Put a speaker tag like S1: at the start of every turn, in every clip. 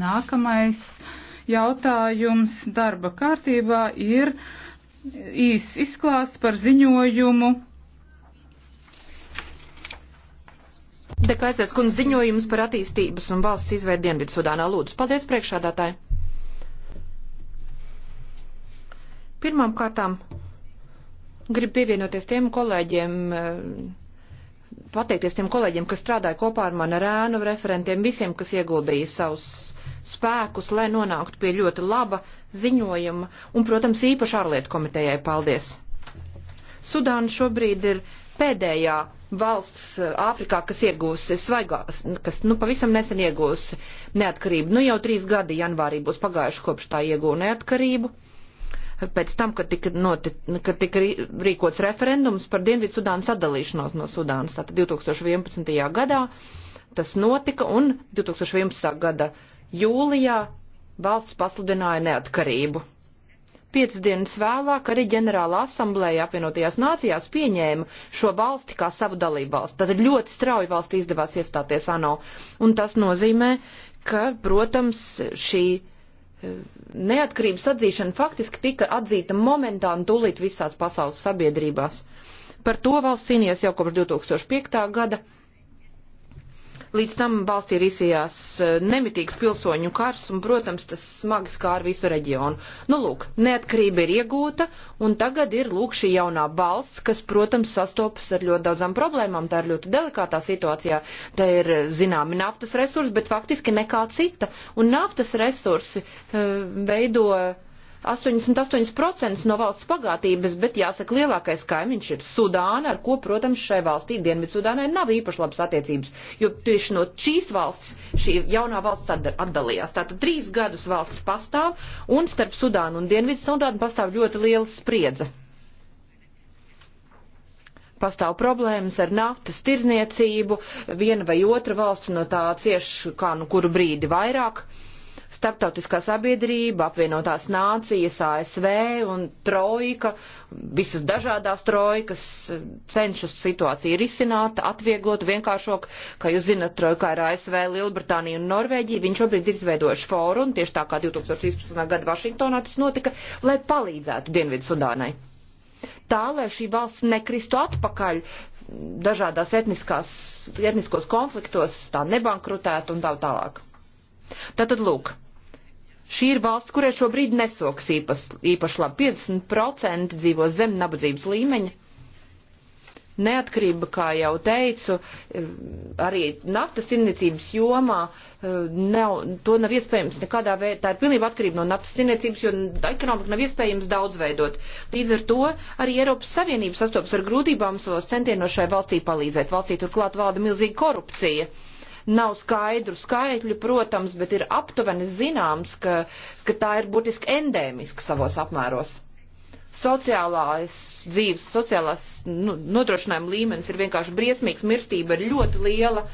S1: Nākamais jautājums darba kārtībā ir īs izklāsts par ziņojumu. Dekaises kundze ziņojums par attīstības un valsts izveidu Dienvidsudānā lūdzu. Paldies priekšādātāji. Pirmām kārtām gribu pievienoties tiem kolēģiem, eh, pateikties tiem kolēģiem, kas strādāja kopā ar mani ar ēnu referentiem, visiem, kas ieguldīja savus spēkus, lai nonāktu pie ļoti laba ziņojuma, un, protams, īpaši ārlietu komitejai paldies. Sudāna šobrīd ir pēdējā valsts eh, Āfrikā, kas iegūsi svaigās, kas nu pavisam nesen iegūsi neatkarību. Nu jau trīs gadi janvārī būs pagājuši kopš tā iegūna neatkarību pēc tam, kad tika, noti, kad tika rīkots referendums par Dienvidu Sudānu sadalīšanos no Sudānas. Tātad 2011. gadā tas notika un 2011. gada jūlijā valsts pasludināja neatkarību. Piecas dienas vēlāk arī ģenerāla asamblēja apvienotajās nācijās pieņēma šo valsti kā savu dalību valsti. Tad ļoti strauji valsti izdevās iestāties ANO. Un tas nozīmē, ka, protams, šī neatkarības atzīšana faktiski tika atzīta momentāni tūlīt visās pasaules sabiedrībās. Par to valsts cīnījās jau kopš 2005. gada Līdz tam valstī ir izsījās eh, nemitīgs pilsoņu kars, un, protams, tas smagi skār visu reģionu. Nu, lūk, neatkarība ir iegūta, un tagad ir, lūk, šī jaunā valsts, kas, protams, sastopas ar ļoti daudzām problēmām. Tā ir ļoti delikātā situācijā. Tā ir, eh, zināmi, naftas resursi, bet faktiski nekā cita. Un naftas resursi uh, veido 88% no valsts pagātības, bet jāsaka, lielākais kaimiņš ir Sudāna, ar ko, protams, šai valstī Dienvidsudānai nav īpaši labas attiecības, jo tieši no šīs valsts šī jaunā valsts atdalījās. Tātad trīs gadus valsts pastāv un starp Sudānu un Dienvidsudānu pastāv ļoti liela spriedze pastāv problēmas ar naftas tirzniecību, viena vai otra valsts no tā cieš kā nu kuru brīdi vairāk. Uh, starptautiskā sabiedrība, apvienotās nācijas, ASV un trojka, visas dažādās trojkas eh, cenšas situāciju risināt, atvieglot, vienkāršok, kā jūs zinat, trojkā ir ASV, Lielbritānija un Norvēģija, viņi šobrīd ir izveidojuši fórumu, tieši tā kā 2013. gada Vašingtonā tas notika, lai palīdzētu Dienvidu Sudānai. Tā, lai šī valsts nekristu atpakaļ dažādās etniskās, etniskos konfliktos, tā nebankrutētu un tā tālāk. Tātad lūk, Šī ir valsts, kurai šobrīd nesoks īpas, īpaši labi. 50% dzīvo zem nabadzības līmeņa. Neatkarība, kā jau teicu, eh, arī naftas tirniecības jomā eh, nav, to nav iespējams nekādā veidā. Tā ir pilnība atkarība no naftas tirniecības, jo ekonomika nav iespējams daudzveidot. Līdz ar to arī Eiropas Savienība sastopas ar grūtībām savos centienos šai valstī palīdzēt. Valstī turklāt valda milzīga korupcija. Uh, Nav skaidru skaitļu, protams, bet ir aptuveni zināms, ka, ka tā ir būtiski endēmiska savos apmēros sociālās dzīves, sociālās nu, nodrošinājuma līmenis ir vienkārši briesmīgs, mirstība ir ļoti liela.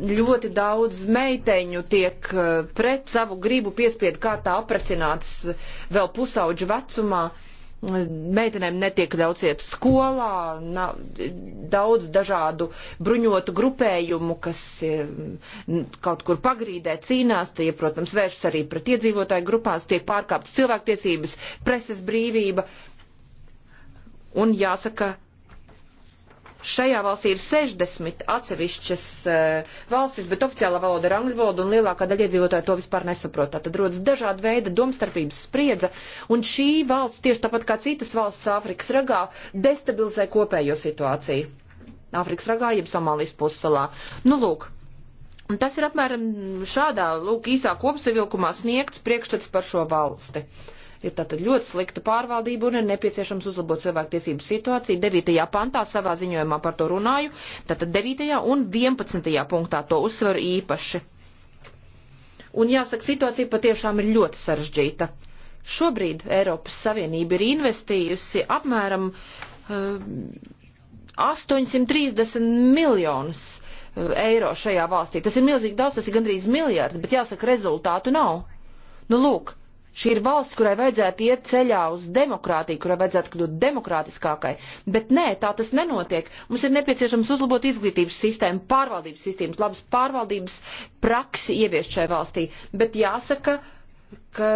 S1: Ļoti daudz meiteņu tiek eh, pret savu gribu piespiedu kārtā aprecināts eh, vēl pusauģu vecumā. Uh, meitenēm netiek ļauts iet skolā, nav, daudz dažādu bruņotu grupējumu, kas eh, kaut kur pagrīdē cīnās, tie, protams, vēršas arī pret iedzīvotāju grupās, tiek pārkāptas cilvēktiesības, preses brīvība. Un jāsaka, Šajā valstī ir 60 atsevišķas uh, valstis, bet oficiālā valoda ir angļu valoda, un lielākā daļa iedzīvotāja to vispār nesaprot. Tad rodas dažāda veida domstarpības spriedze, un šī valsts, tieši tāpat kā citas valsts Āfrikas ragā, destabilizē kopējo situāciju. Āfrikas ragā, jeb Somālijas pussalā. Nu, lūk, Un tas ir apmēram šādā, lūk, īsā kopsavilkumā sniegts priekšstats par šo valsti. Uh, ir tātad ļoti slikta pārvaldība un ir nepieciešams uzlabot cilvēktiesību situāciju. 9. pantā savā ziņojumā par to runāju, tātad 9. un 11. punktā to uzsveru īpaši. Un jāsaka, situācija patiešām ir ļoti sarežģīta. Šobrīd Eiropas Savienība ir investījusi apmēram uh, eh, 830 miljonus eh, eiro šajā valstī. Tas ir milzīgi daudz, tas ir gandrīz miljards, bet jāsaka, rezultātu nav. Nu, lūk, Šī ir valsts, kurai vajadzētu iet ceļā uz demokrātiju, kurai vajadzētu kļūt demokrātiskākai. Bet nē, tā tas nenotiek. Mums ir nepieciešams uzlabot izglītības sistēmu, pārvaldības sistēmas, labas pārvaldības praksi ieviest šai valstī. Bet jāsaka, ka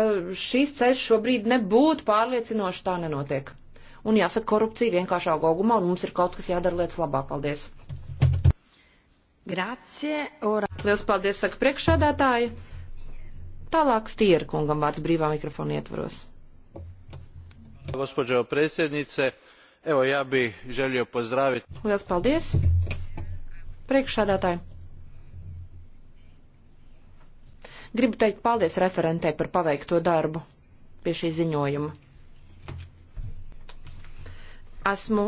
S1: šīs ceļš šobrīd nebūtu pārliecinoši tā nenotiek. Un jāsaka, korupcija vienkārši aug augumā, un mums ir kaut kas jādara lietas labāk. Paldies! Grācie, ora. Liels paldies, saka priekšādātāji! Tālāk Stiera kungam vārds brīvā mikrofona ietvaros. Gospođo predsjednice, evo ja bi želio pozdraviti. Lielas paldies. Priekšsādātāji. Gribu teikt paldies referentei par paveikto darbu pie šī ziņojuma. Esmu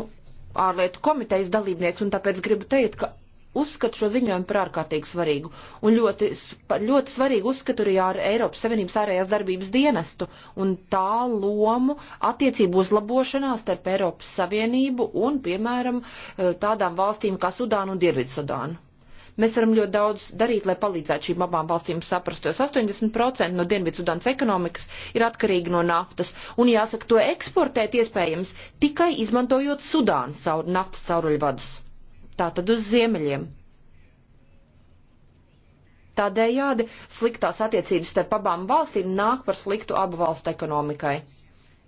S1: ārlietu komitejas dalībnieks un tāpēc gribu teikt, ka uzskatu šo ziņojumu par ārkārtīgi svarīgu. Un ļoti, ļoti svarīgi uzskatu arī ar Eiropas Savienības ārējās darbības dienestu un tā lomu attiecību uzlabošanā starp Eiropas Savienību un, piemēram, eh, tādām valstīm kā Sudānu un Dienvidsudānu. Mēs varam ļoti daudz darīt, lai palīdzētu šīm abām valstīm saprastos. 80% no Dienvidsudānas ekonomikas ir atkarīga no naftas, un jāsaka, to eksportēt iespējams tikai izmantojot Sudānas caur naftas cauruļvadus tātad uz ziemeļiem. Tādējādi sliktās attiecības starp abām valstīm nāk par sliktu abu valstu ekonomikai.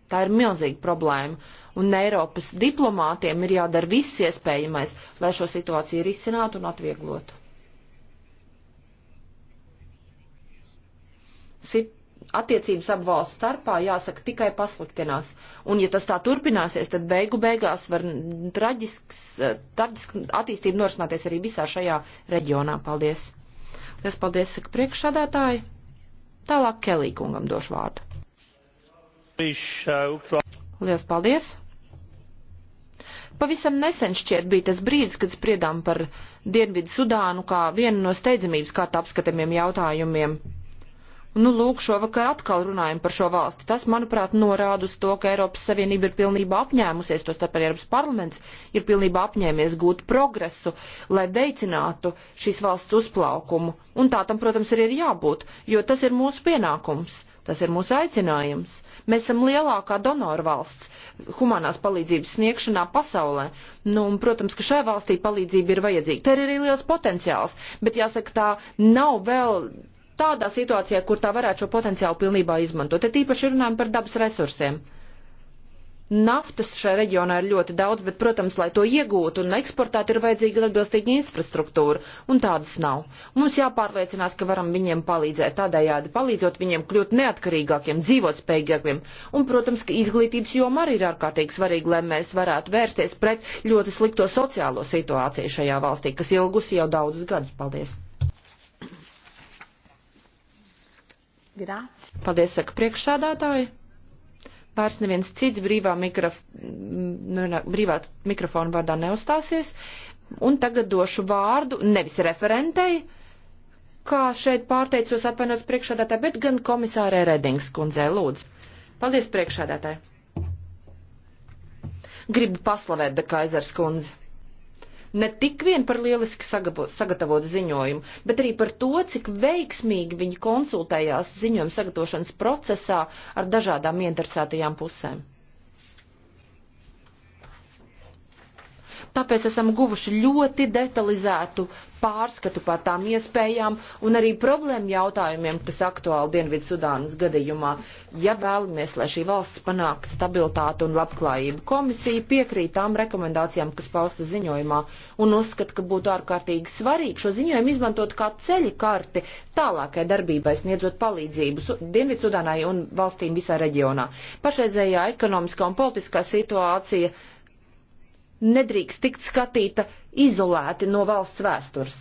S1: Tā ir milzīga problēma, un Eiropas diplomātiem ir jādara viss iespējamais, lai šo situāciju risinātu un atvieglotu. Sit attiecības abu valstu starpā, jāsaka, tikai pasliktinās. Un ja tas tā turpināsies, tad beigu beigās var traģisks, eh, traģiska attīstība norisināties arī visā šajā reģionā. Paldies! Es paldies, saka priekšsādātāji. Tālāk Kelī kungam došu vārdu. Lielas paldies! Pavisam nesen šķiet bija tas brīdis, kad spriedām par Dienvidu Sudānu kā vienu no steidzamības kārtā apskatamiem jautājumiem Nu, lūk, šovakar atkal runājam par šo valsti. Tas, manuprāt, norāda uz to, ka Eiropas Savienība ir pilnībā apņēmusies, to starp Eiropas parlaments ir pilnībā apņēmies gūt progresu, lai veicinātu šīs valsts uzplaukumu. Un tā tam, protams, arī ir jābūt, jo tas ir mūsu pienākums, tas ir mūsu aicinājums. Mēs esam lielākā donora valsts humanās palīdzības sniegšanā pasaulē. Nu, un, protams, ka šai valstī palīdzība ir vajadzīga. Te ir arī liels potenciāls, bet jāsaka, tā nav vēl tādā situācijā, kur tā varētu šo potenciālu pilnībā izmantot. Te tīpaši runājam par dabas resursiem. Naftas šajā reģionā ir ļoti daudz, bet, protams, lai to iegūtu un eksportētu, ir vajadzīga atbilstīga infrastruktūra, un tādas nav. Mums jāpārliecinās, ka varam viņiem palīdzēt tādējādi, palīdzot viņiem kļūt neatkarīgākiem, dzīvot spējīgākiem, un, protams, ka izglītības joma arī ir ārkārtīgi svarīga, lai mēs varētu vērsties pret ļoti slikto sociālo situāciju šajā valstī, kas ilgusi jau daudzus gadus. Paldies! Grāts. Paldies, saka priekšsādātāji. Vairs neviens cits brīvā, mikraf... Nu, brīvā mikrofona vārdā neuzstāsies. Un tagad došu vārdu nevis referentei, kā šeit pārteicos atvainojos priekšādātāji, bet gan komisārē Redings kundzē lūdzu. Paldies priekšādātāji. Gribu paslavēt Dekaizers kundzi ne tik vien par lieliski sagatavotu ziņojumu, bet arī par to, cik veiksmīgi viņi konsultējās ziņojuma sagatavošanas procesā ar dažādām interesētajām pusēm. tāpēc esam guvuši ļoti detalizētu pārskatu par tām iespējām un arī problēmu jautājumiem, kas aktuāli Dienvidu Sudānas gadījumā. Ja vēlamies, lai šī valsts panāk stabilitātu un labklājību, komisija piekrīt tām rekomendācijām, kas pausta ziņojumā un uzskata, ka būtu ārkārtīgi svarīgi šo ziņojumu izmantot kā ceļa karti tālākai darbībai, sniedzot palīdzību Dienvidu Sudānai un valstīm visā reģionā. Pašreizējā ekonomiskā un politiskā situācija nedrīkst tikt skatīta izolēti no valsts vēstures.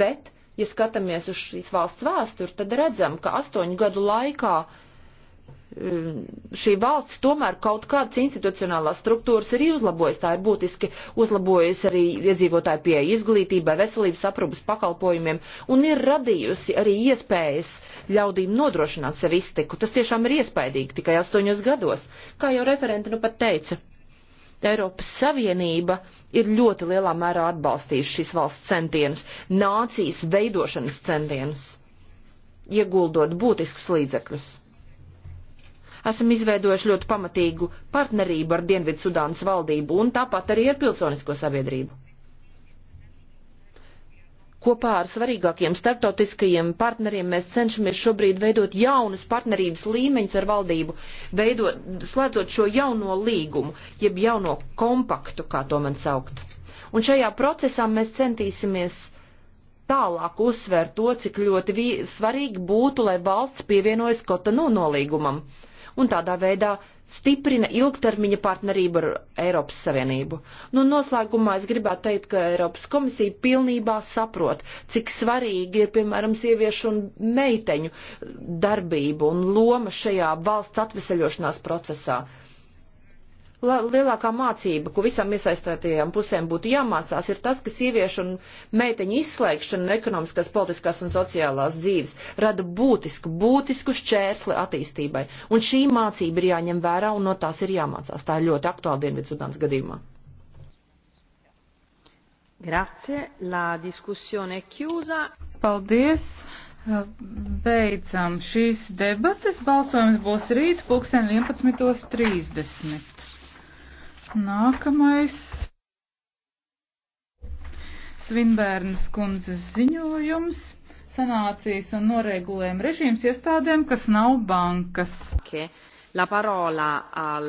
S1: Bet, ja skatāmies uz šīs valsts vēsturi, tad redzam, ka astoņu gadu laikā um, šī valsts tomēr kaut kādas institucionālās struktūras ir uzlabojusi. Tā ir būtiski uzlabojusi arī iedzīvotāju pieeja izglītībai, veselības aprūpas pakalpojumiem un ir radījusi arī iespējas ļaudīm nodrošināt sev iztiku. Tas tiešām ir iespaidīgi tikai astoņos gados, kā jau referenti nu pat teica. Eiropas Savienība ir ļoti lielā mērā atbalstījusi šīs valsts centienus, nācijas veidošanas centienus, ieguldot būtiskus līdzekļus. Esam izveidojuši ļoti pamatīgu partnerību ar Dienvidsudānas valdību un tāpat arī ar pilsonisko sabiedrību. Kopā ar svarīgākiem starptautiskajiem partneriem mēs cenšamies šobrīd veidot jaunus partnerības līmeņus ar valdību, veidot, slēdzot šo jauno līgumu, jeb jauno kompaktu, kā to man saukt. Un šajā procesā mēs centīsimies tālāk uzsvērt to, cik ļoti svarīgi būtu, lai valsts pievienojas Kotonu nolīgumam. No un tādā veidā stiprina ilgtermiņa partnerību ar Eiropas Savienību. Nu, noslēgumā es gribētu teikt, ka Eiropas komisija pilnībā saprot, cik svarīgi ir, piemēram, sieviešu un meiteņu darbību un loma šajā valsts atveseļošanās procesā lielākā mācība, ko visām iesaistētajām pusēm būtu jāmācās, ir tas, ka sieviešu un meiteņu izslēgšana no ekonomiskās, politiskās un sociālās dzīves rada būtisku, būtisku šķērsli attīstībai. Un šī mācība ir jāņem vērā un no tās ir jāmācās. Tā ir ļoti aktuāla Dienvidzudānas gadījumā. Grazie, la diskusione chiusa. Paldies. Beidzam šīs debates. Balsojums būs rīt, pulksten 11.30. Nākamais Svinbērnas kundzes ziņojums - sanācijas un noregulējuma režīms iestādēm, kas nav bankas. Okay. La parola al